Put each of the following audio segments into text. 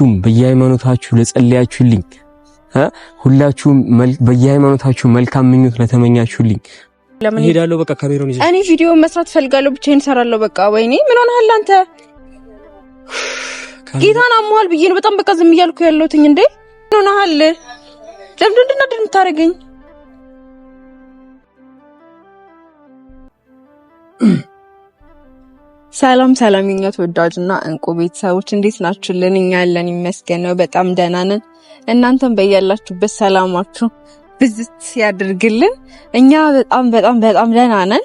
ሁላችሁም በየሃይማኖታችሁ ለጸለያችሁልኝ፣ ሁላችሁም በየሃይማኖታችሁ መልካም ምኞት ለተመኛችሁልኝ እሄዳለሁ። በቃ ካሜራውን ይዘህ እኔ ቪዲዮ መስራት ፈልጋለሁ፣ ብቻዬን እሰራለሁ። በቃ ወይኔ ምን ሆነሃል አንተ? ጌታን አሞሃል ብዬ ነው በጣም በቃ ዝም እያልኩ ያለሁትኝ። እንዴ ምን ሆነሃል? ለምን እንድናደድ የምታደርገኝ? ሰላም ሰላም የኛ ተወዳጅና እንቁ ቤተሰቦች እንዴት ናችሁልን? እኛ ያለን ይመስገን ነው፣ በጣም ደህና ነን። እናንተም በያላችሁበት ሰላማችሁ ብዝት ያድርግልን። እኛ በጣም በጣም በጣም ደህና ነን።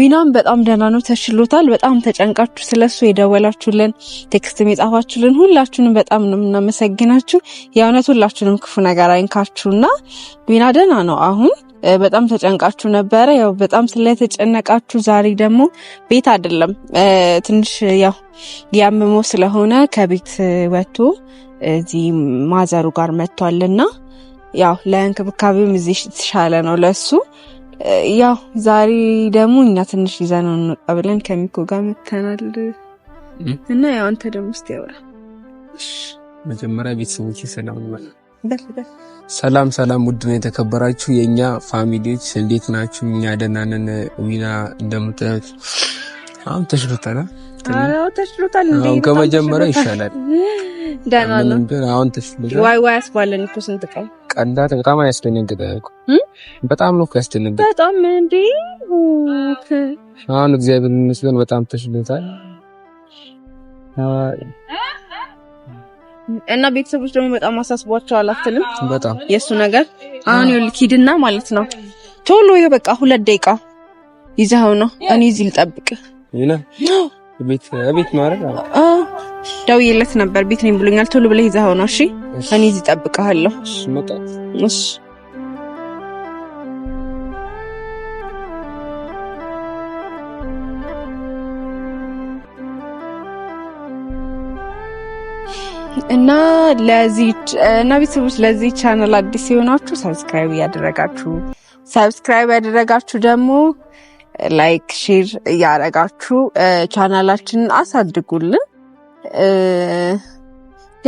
ዊናም በጣም ደህና ነው፣ ተሽሎታል። በጣም ተጨንቃችሁ ስለሱ የደወላችሁልን ቴክስትም የጻፋችሁልን ሁላችሁንም በጣም ነው የምናመሰግናችሁ። የእውነት ሁላችሁንም ክፉ ነገር አይንካችሁና ዊና ደህና ነው አሁን በጣም ተጨንቃችሁ ነበረ። ያው በጣም ስለተጨነቃችሁ ዛሬ ደግሞ ቤት አይደለም ትንሽ ያው ያምሞ ስለሆነ ከቤት ወጥቶ እዚህ ማዘሩ ጋር መጥቷልና ያው ለእንክብካቤም እዚህ የተሻለ ነው ለሱ። ያው ዛሬ ደግሞ እኛ ትንሽ ይዘነው እንወጣ ብለን ከሚኮ ጋር መተናል እና ያው አንተ ደግሞ እስቲ ያወራ መጀመሪያ ቤተሰቦች ሰላም ነው ሰላም ሰላም፣ ውድ ነው የተከበራችሁ የእኛ ፋሚሊዎች እንዴት ናችሁ? እኛ ደህና ነን። ዊና እንደምታዩት አሁን ተሽሎታል፣ ተሽሎታል። አሁን ከመጀመሪያው ይሻላል። ደህና ነው አሁን ተሽሎታል። ዋይ ዋይ አስባለን እኮ ስንት ቀን ቀላል በጣም ያስደነግጠ በጣም ነው ያስደነግጠ በጣም እንዴ። አሁን እግዚአብሔር ይመስገን በጣም ተሽሎታል። እና ቤተሰቦች ደግሞ በጣም አሳስቧቸዋል አትልም? በጣም የእሱ ነገር አሁን ይኸውልህ፣ ሂድና ማለት ነው ቶሎ ይኸው በቃ ሁለት ደቂቃ ይዘኸው ነው እኔ እዚህ ልጠብቅ ቤት ደውዬለት ነበር ቤት ነኝ ብሎኛል ቶሎ ብለህ ይዘኸው ነው እሺ እኔ እዚህ እጠብቅሃለሁ እሺ እና ለዚህ እና ቤተሰቦች ለዚህ ቻናል አዲስ የሆናችሁ ሰብስክራይብ እያደረጋችሁ ሰብስክራይብ ያደረጋችሁ ደግሞ ላይክ ሼር እያደረጋችሁ ቻናላችንን አሳድጉልን።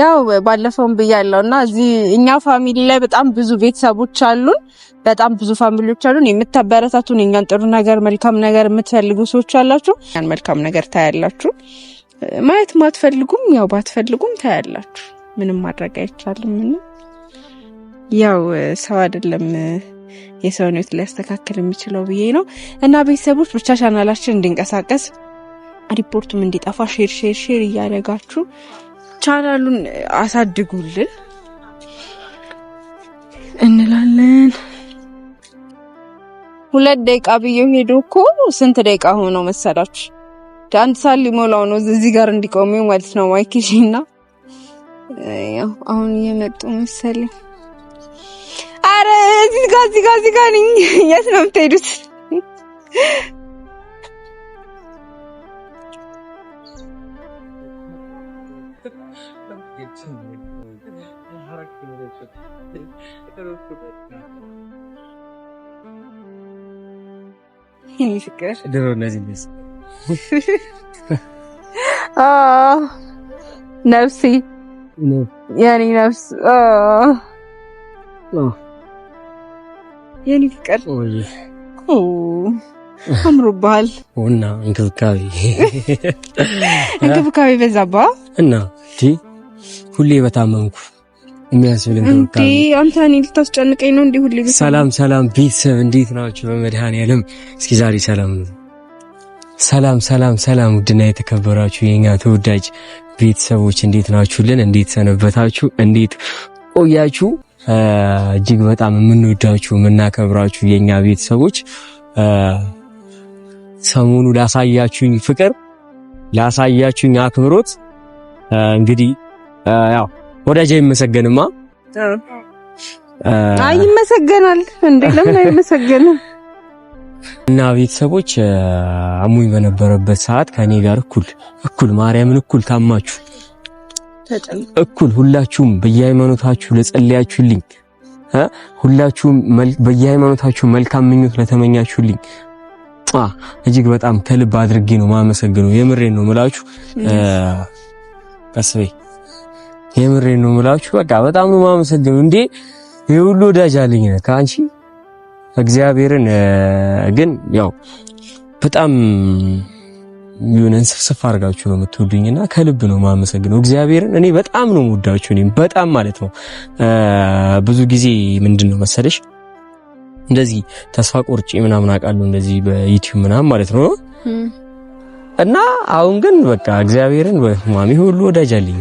ያው ባለፈውን ብያለሁ እና እዚህ እኛ ፋሚሊ ላይ በጣም ብዙ ቤተሰቦች አሉን፣ በጣም ብዙ ፋሚሊዎች አሉን። የምታበረታቱን እኛን ጥሩ ነገር መልካም ነገር የምትፈልጉ ሰዎች አላችሁ፣ መልካም ነገር ታያላችሁ። ማየት ማትፈልጉም ያው ባትፈልጉም ታያላችሁ። ምንም ማድረግ አይቻልም። ያው ሰው አይደለም የሰውን ህይወት ሊያስተካክል የሚችለው ብዬ ነው። እና ቤተሰቦች ብቻ ቻናላችን እንዲንቀሳቀስ ሪፖርቱም እንዲጠፋ ሼር ሼር ሼር እያደረጋችሁ ቻናሉን አሳድጉልን እንላለን። ሁለት ደቂቃ ብዬ ሄዶ እኮ ስንት ደቂቃ ሆነው መሰላችሁ? አንድ ሰዓት ሊሞላው ነው እዚህ ጋር እንዲቆም ማለት ነው ማይክሽ እና ያው አሁን እየመጡ መሰለኝ። አረ እዚህ ጋር እዚህ ጋር እዚህ ጋር ነኝ። የት ነው የምትሄዱት? ይህ ፍቅር ድሮ እነዚህ ነፍሴ የኔ ነፍስ የኔ ፍቅር አምሮብሃል እና እንክብካቤ እንክብካቤ በዛባ እና ሁሌ በታመምኩ የሚያስብል አንተ እኔ ልታስጨንቀኝ ነው እንዲህ ሁሌ። ሰላም ሰላም ቤተሰብ እንዴት ናችሁ? በመድኃኔዓለም እስኪ ዛሬ ሰላም ነው ሰላም ሰላም ሰላም ውድና የተከበራችሁ የኛ ተወዳጅ ቤተሰቦች እንዴት ናችሁልን? እንዴት ሰነበታችሁ? እንዴት ቆያችሁ? እጅግ በጣም የምንወዳችሁ የምናከብራችሁ የኛ ቤተሰቦች ሰሞኑ ላሳያችሁኝ ፍቅር ላሳያችሁኝ አክብሮት እንግዲህ ያው ወዳጅ አይመሰገንማ። አይመሰገናል እንዴ! ለምን አይመሰገንም? እና ቤተሰቦች አሙኝ በነበረበት ሰዓት ከኔ ጋር እኩል እኩል ማርያምን እኩል ታማችሁ እኩል ሁላችሁም በየሃይማኖታችሁ ለጸለያችሁልኝ፣ ሁላችሁም በየሃይማኖታችሁ መልካም ምኞት ለተመኛችሁልኝ እጅግ በጣም ከልብ አድርጌ ነው ማመሰግነው። የምሬን ነው ምላችሁ ቀስቤ፣ የምሬን ነው ምላችሁ። በቃ በጣም ነው ማመሰግነው። እንዴ ይሄ ሁሉ ወዳጅ አለኝ ከአንቺ እግዚአብሔርን ግን ያው በጣም የሆነን ስፍስፍ አድርጋችሁ ነው የምትወዱኝና ከልብ ነው የማመሰግነው እግዚአብሔርን። እኔ በጣም ነው የምወዳችሁ፣ እኔም በጣም ማለት ነው። ብዙ ጊዜ ምንድን ነው መሰለሽ እንደዚህ ተስፋ ቆርጬ ምናምን አውቃለሁ እንደዚህ በዩቲዩብ ምናምን ማለት ነው። እና አሁን ግን በቃ እግዚአብሔርን ማሚ ሁሉ ወዳጅ አለኝ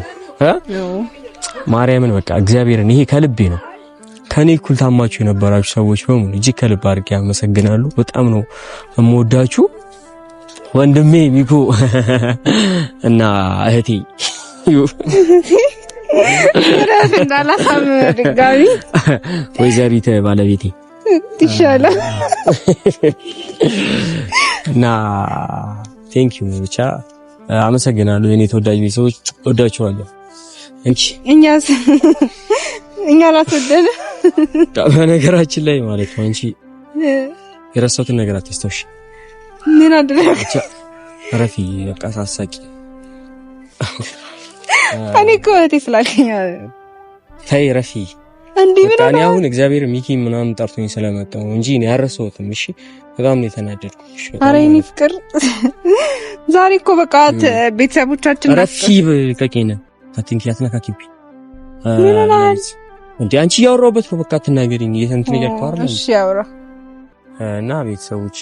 ማርያምን በቃ እግዚአብሔርን ይሄ ከልቤ ነው ከኔ እኩል ታማችሁ የነበራችሁ ሰዎች በሙሉ እጅግ ከልብ አድርጌ አመሰግናለሁ። በጣም ነው የምወዳችሁ ወንድሜ ሚኮ እና እህቴ ድጋሚ ወይዘሪት ባለቤቴ ይሻላል እና ቴንክ ዩ ብቻ አመሰግናለሁ። የኔ ተወዳጅ ቤተሰቦች ወዳችኋለሁ። እኛስ እኛ ራስ በነገራችን ላይ ማለት ነው አንቺ የረሳሁትን ነገር አትስተውሽ። ምን አደረገች? ረፊ በቃ ሳሳቂ እኔ እኮ እህቴ ስላለኝ ተይ ረፊ። እኔ አሁን እግዚአብሔር ሚኪ ምናምን ጠርቶኝ ስለመጣሁ እንጂ እኔ አልረሳሁትም። እሺ በጣም ነው የተናደድኩሽ። ኧረ የእኔ ፍቅር ዛሬ እኮ በቃ ቤተሰቦቻችን ረፊ በቀቂነ አትንኪ፣ አትነካኪብኝ እንዴ አንቺ እያወራሁበት ነው። በቃ አትናገሪኝ። እንትን ነገር አይደል? እሺ ያወራ እና ቤተሰቦች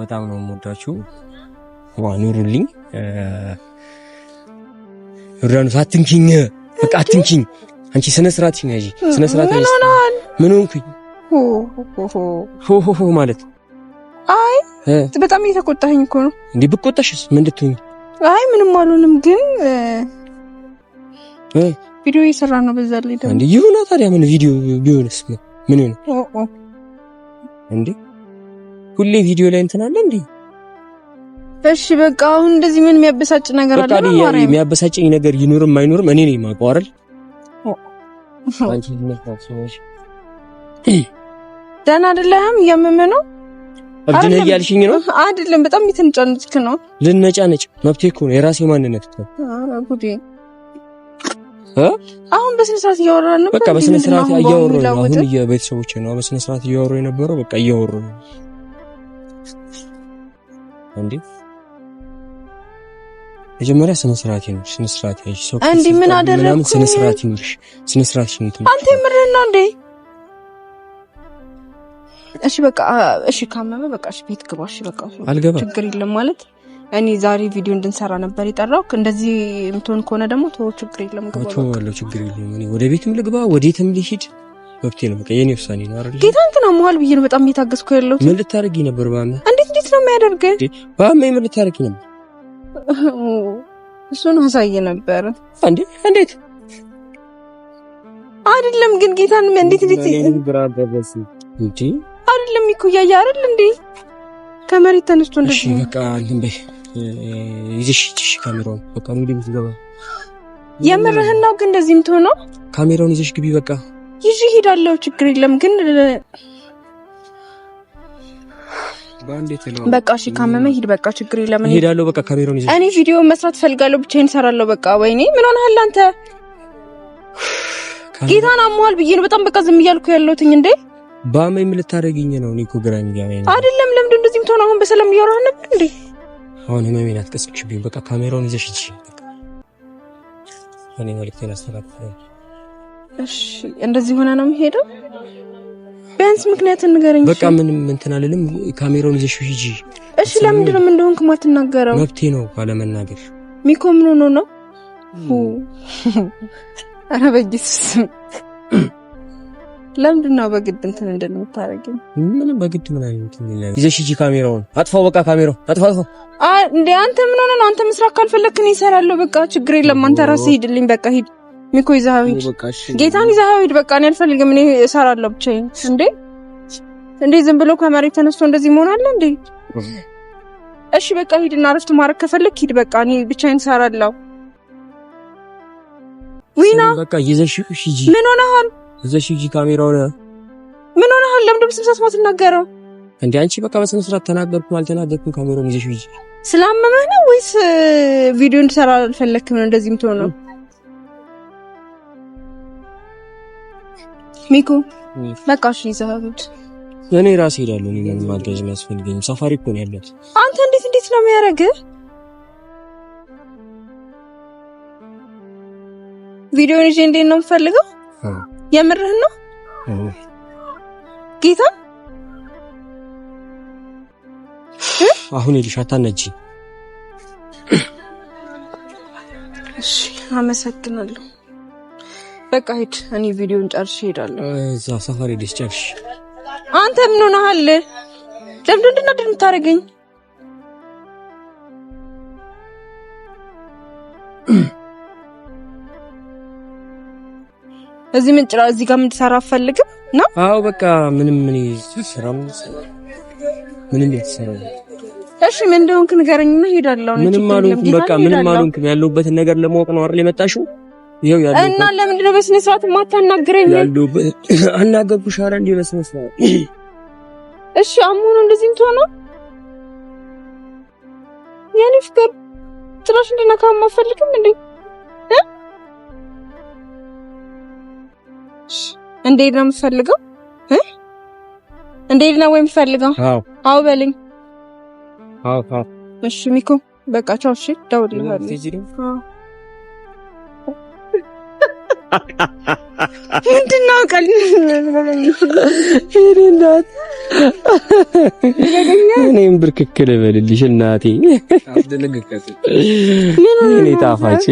በጣም ነው የምወዳችሁ። ኑሩልኝ። ዮርዳኖስ አትንኪኝ፣ በቃ አትንኪኝ። አንቺ ስነ ስርዓት ነሽ። ስነ ስርዓት ነሽ። ምን ሆንኩኝ? ሆ ሆ ሆ ማለት አይ በጣም እየተቆጣኝ እኮ ነው። እንዴ ብቆጣሽስ ምን እንድትሆኝ? አይ ምንም አልሆንም ግን ቪዲዮ እየሰራ ነው። በዛ ላይ ደግሞ ይሁን ታዲያ ምን ቪዲዮ ቢሆንስ ምን ይሁን እንዴ? ሁሌ ቪዲዮ ላይ እንትን አለ እንዴ? እሺ በቃ አሁን እንደዚህ ምን የሚያበሳጭ ነገር አለ? ነው በቃ የሚያበሳጭኝ ነገር ይኖርም አይኖርም እኔ ነኝ የማውቀው አይደል? ደህና አይደለህም። እያመመህ ነው። እብድ ነህ እያልሽኝ ነው አይደለም? በጣም እየተነጫነጭክ ነው። ልነጫነጭ መብቴ እኮ ነው። የራሴ ማንነት እኮ ነው። አሁን በስነ ስርዓት እያወራን ነበር። በቃ በስነ ስርዓት እያወሩ ነው። አሁን የቤተሰቦች ነው በስነ ስርዓት እያወሩ የነበረው። በቃ እያወሩ ነው እንዴ። መጀመሪያ ስነ ስርዓት ነው። ስነ ስርዓት ያይሽ ሰው እንዴ። ምን አደረኩኝ? ስነ ስርዓት ይልሽ፣ ስነ ስርዓት ነው። አንተ ምንድን ነው እንዴ? እሺ በቃ እሺ፣ ካመመ በቃ እሺ፣ ቤት ግባ። እሺ በቃ አልገባም፣ ችግር የለም ማለት እኔ ዛሬ ቪዲዮ እንድንሰራ ነበር የጠራው። እንደዚህ የምትሆን ከሆነ ደግሞ ተወው፣ ችግር የለም ግባ፣ ችግር የለም እኔ ወደ ቤትም ልግባ፣ ወዴትም ሊሄድ መብቴ ነው። የኔ ውሳኔ ነው አይደል? ጌታ እንትና መዋል ብዬ ነው በጣም እየታገዝኩ ያለሁት። ምን ልታረጊ ነበር? ባመ እንዴት እንዴት ነው የሚያደርገ? ባመ ምን ልታረጊ ነበር? እሱን አሳይ ነበር እንዴ? እንዴት አይደለም ግን ጌታን እንዴት እንዴት እንዴ አይደለም እኮ እያየ አይደል እንዴ ከመሬት ተነስቶ እንደዚህ በቃ እንትን በይ ይዘሽ ካሜራውን በቃ እንግዲህ ቤት ገባ። የምርህን ነው ግን እንደዚህ የምትሆነው? ካሜራውን ይዘሽ ግቢ። በቃ ይዤ እሄዳለሁ፣ ችግር የለም ግን በቃ እሺ፣ ካመመ ሂድ። በቃ ችግር የለም እሄዳለሁ። በቃ ካሜራውን ይዘሽ እኔ ቪዲዮ መስራት ፈልጋለሁ፣ ብቻዬን እሰራለሁ። በቃ ወይኔ ምን ሆነሃል አንተ? ጌታን አሞሃል ብዬ ነው በጣም በቃ ዝም እያልኩ ያለሁት እንዴ በአመይ ምን ልታደርጊኝ ነው? ኒኮ እኮ ግራኝ አይደለም። ለምንድን እንደዚህ የምትሆነው? አሁን በሰላም እያወራህ ነበር እንዴ? አሁን ህመሜን አትቀስቅሽብኝ። በቃ ካሜራውን ይዘሽ እሺ። እኔ መልክቴን አስተካክላለሁ። እሺ፣ እንደዚህ ሆና ነው የሚሄደው። ቢያንስ ምክንያት ንገረኝ። በቃ ምንም እንትን አልልም። ካሜራውን ይዘሽ ሂጂ። እሺ፣ ለምንድን ነው እንደሆንክ የማትናገረው? መብቴ ነው ባለመናገር። ሚኮ ምን ሆኖ ነው? ኧረ በጌታ ስም ለምንድን ነው በግድ እንትን እንደምታደርገኝ? ምንም በግድ ምን አይነት ይዘሽ ሂጂ። ካሜራውን አጥፋው፣ በቃ ካሜራው አጥፋ። እንደ አንተ ምን ሆነ ነው አንተ? ምስራቅ ካልፈለክ እኔ እሰራለሁ። በቃ ችግር የለም። አንተ ራስህ ሂድልኝ። በቃ ሂድ፣ ሚኮ ይዘኸው ሂድ፣ ጌታን ይዘኸው ሂድ። በቃ እኔ አልፈልግም። እኔ እሰራለሁ ብቻዬን። እንዴ እንዴ! ዝም ብሎ ከመሬት ተነስቶ እንደዚህ መሆን አለ እንዴ? እሺ በቃ ሂድና ረፍት ማድረግ ከፈለክ ሂድ። በቃ እኔ ብቻዬን እሰራለሁ። ዊና በቃ ይዘሽ ሂጂ። ምን ሆነሃል? እዚህ ሺጂ ምን ሆነ ምን ሆነሃል? ለምንድን በስብሰት ማትናገረው እንዴ? አንቺ በቃ በስነ ስርዓት ተናገርኩም አልተናገርኩም ካሜራውን ይዘሽ ሂጂ። ስላመመህ ነው ወይስ ቪዲዮ እንድሰራ አልፈለክም ነው እንደዚህ የምትሆነው? ሚኩ በቃ እሺ፣ ይዘሃት እኔ ራሴ እሄዳለሁ። እኔ ምንም ማገዝ የሚያስፈልገኝ ሰፋሪ እኮ ነው ያለሁት። አንተ እንዴት እንዴት ነው የሚያደርግህ? ቪዲዮን ይዤ እንዴት ነው የምፈልገው የምርህን ነው ጌታ? አሁን ይልሽ አታነጂ። እሺ አመሰግናለሁ። በቃ ሂድ፣ እኔ ቪዲዮን ጨርሼ እሄዳለሁ። እዛ ሰፈር ሄደሽ ጨርሽ። አንተ ምን ሆነሃል? ለምንድን ነው የምታደርገኝ? እዚህ ምን ጭራ እዚህ ጋር ምን ትሰራ አፈልግም ነው? አዎ በቃ ምንም ምን ስራም ምንም ያሰራ እሺ፣ ምን እንደሆንክ ንገረኝና ሄዳለሁ። ምንም አልሆንኩም፣ በቃ ምንም አልሆንኩም። ያለሁበትን ነገር ለማወቅ ነው አይደል የመጣሽው? ይሄው ያለው እና ለምንድን ነው በስነ ስርዓት የማታናግረኝ? ያለሁበት አናገርኩሽ አረ እንደ በስነ ስርዓት። እሺ፣ አሞኑ እንደዚህ እንትሆነ የኔ ፍቅር ጭራሽ እንድነካ አልፈልግም እንዴ እንዴት ነው የምትፈልገው? እንዴት ነው ወይ የምትፈልገው? አዎ አዎ በልኝ። አዎ አዎ እሺ ሚኩ በቃ ቻው። እሺ እደውልልሃለሁ። ምንድን ነው ቀል እኔም ብርክክ ልበልልሽ እናቴ፣ እኔ ጣፋጭ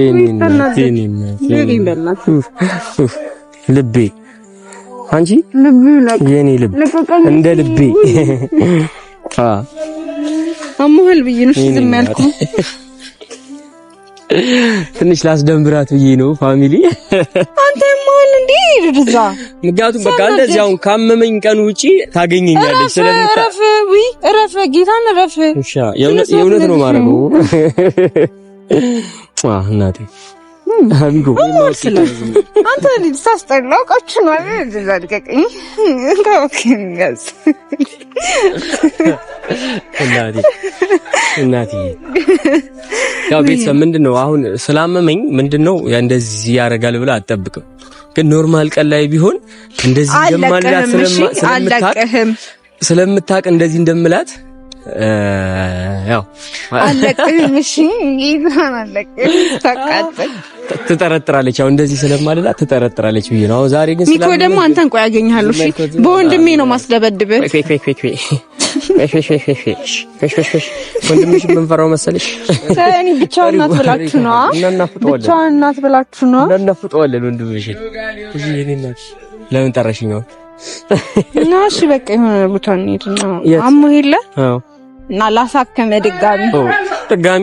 ልቤ አንቺ የኔ ልብ እንደ ልቤ አ አሞሃል ብዬ ነው ዝም ያልኩህ። ትንሽ ላስደንብራት ብዬ ነው ፋሚሊ። አንተ ማን እንዴ ድርዛ ምክንያቱም በቃ እንደዚህ አሁን ካመመኝ ቀን ውጪ ታገኘኛለች። ስለዚህ ረፍ ወይ ረፍ ጌታን ረፍ። እሺ የእውነት ነው ማረው። አህ እናቴ አንዱ አንተ ልጅ ታስጠላው ቀች ነው አይደል? ልቀቀኝ። እናቴ ያው ቤተሰብ ምንድን ነው አሁን ስላመመኝ ምንድን ነው እንደዚህ ያደርጋል ብለህ አትጠብቅም። ግን ኖርማል ቀን ላይ ቢሆን እንደዚህ ስለምታቅ ስለምታቅ እንደዚህ እንደምላት ያው አለቅህም። እሺ ጌታን አለቅህም። ታቃጥል ትጠረጥራለች። ያው እንደዚህ ስለማልላ ትጠረጥራለች ብዬ ነው። ዛሬ ግን ሚኮ ደግሞ አንተን ቆይ ያገኛለሁ። እሺ በወንድሜ ነው ማስደበድብህ። ወንድምሽ ብንፈራው መሰለሽ? እኔ ብቻዋን እናት ብላችሁ ነዋ፣ ብቻዋን እናት ብላችሁ ነዋ። እናናፍጠዋለን ወንድምሽን። ለምን ጠራሽኝ? እሺ በቃ የሆነ ቦታ እንሂድና አሞ የለ እና ላሳከመ ድጋሚ ድጋሚ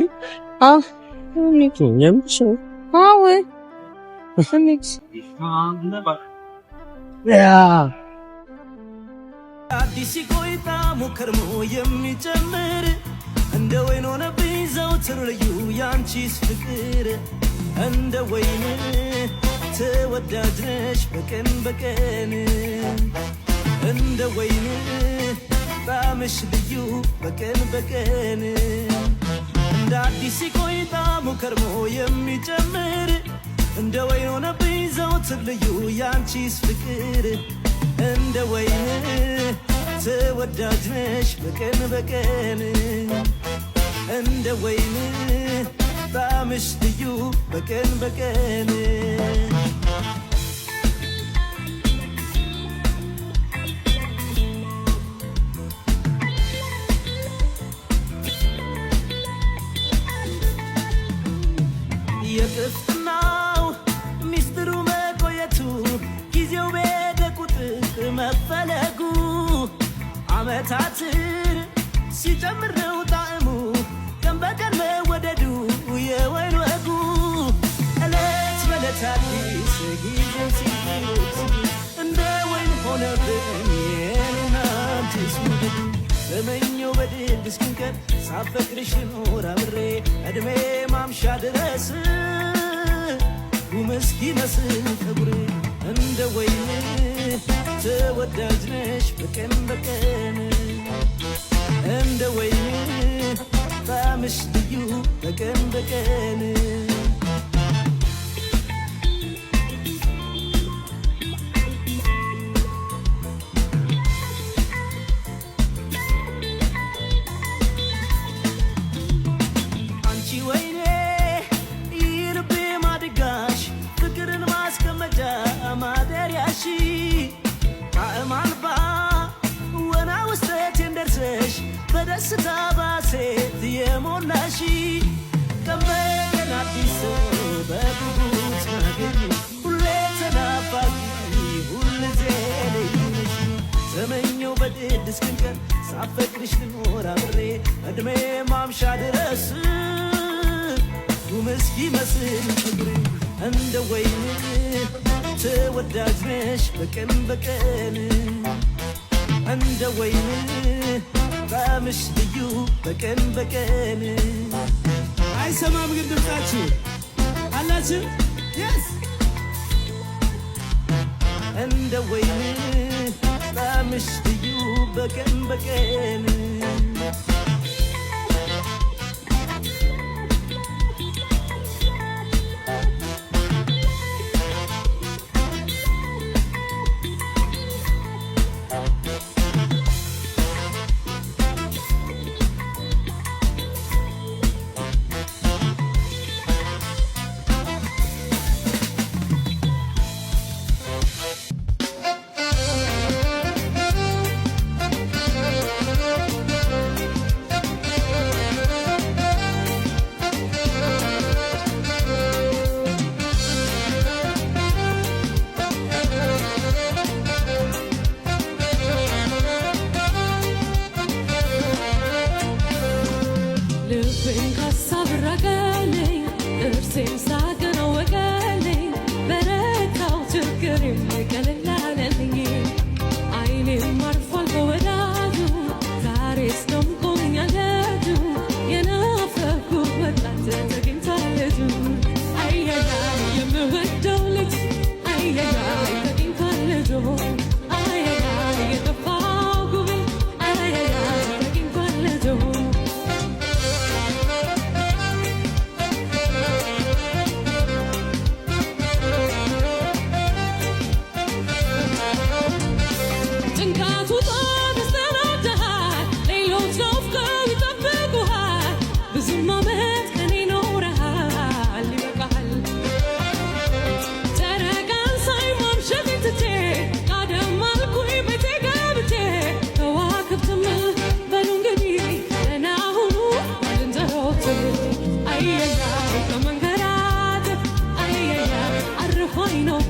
አዲስ ቆይታ ሙከርሞ የሚጨምር እንደ ወይን ሆነብኝ ዘውትር ልዩ ያንቺስ ፍቅር እንደ ወይን ተወዳጅ ነሽ በቀን በቀን እንደ ወይን ጣምሽ ልዩ በቀን በቀን እንደ አዲስ ሲቆይ ጣዕሙ ከርሞ የሚጨምር እንደ ወይን ሆነብኝ ዘወትር ልዩ ያንቺስ ፍቅር እንደ ወይን ተወዳጅ ነሽ በቀን በቀን እንደ ወይን ጣምሽ ልዩ በቀን በቀን ክፍት ሚስጥሩ መቆየቱ ጊዜው በሄደ ቁጥር መፈለጉ አመታትን ነው እስኪንቀር ሳፈቅድሽ ኖር አብሬ እድሜ ማምሻ ድረስ ጉም መስል ተጉሬ እንደ ወይን ተወዳጅ ነሽ በቀን በቀን እንደ ወይን ጣምሽ ልዩ በቀን በቀን እድሜ ማምሻ ድረስ ጉም እስኪመስል ችግር እንደ ወይን ተወዳጅ ነሽ በቀን በቀን እንደ ወይን ጣምሽ ልዩ በቀን በቀን አይሰማም ግን ድምፃችሁ አላችሁ የስ እንደ ወይን ጣምሽ ልዩ በቀን በቀን ከመንገራት አይ አይ አርሆይ ነው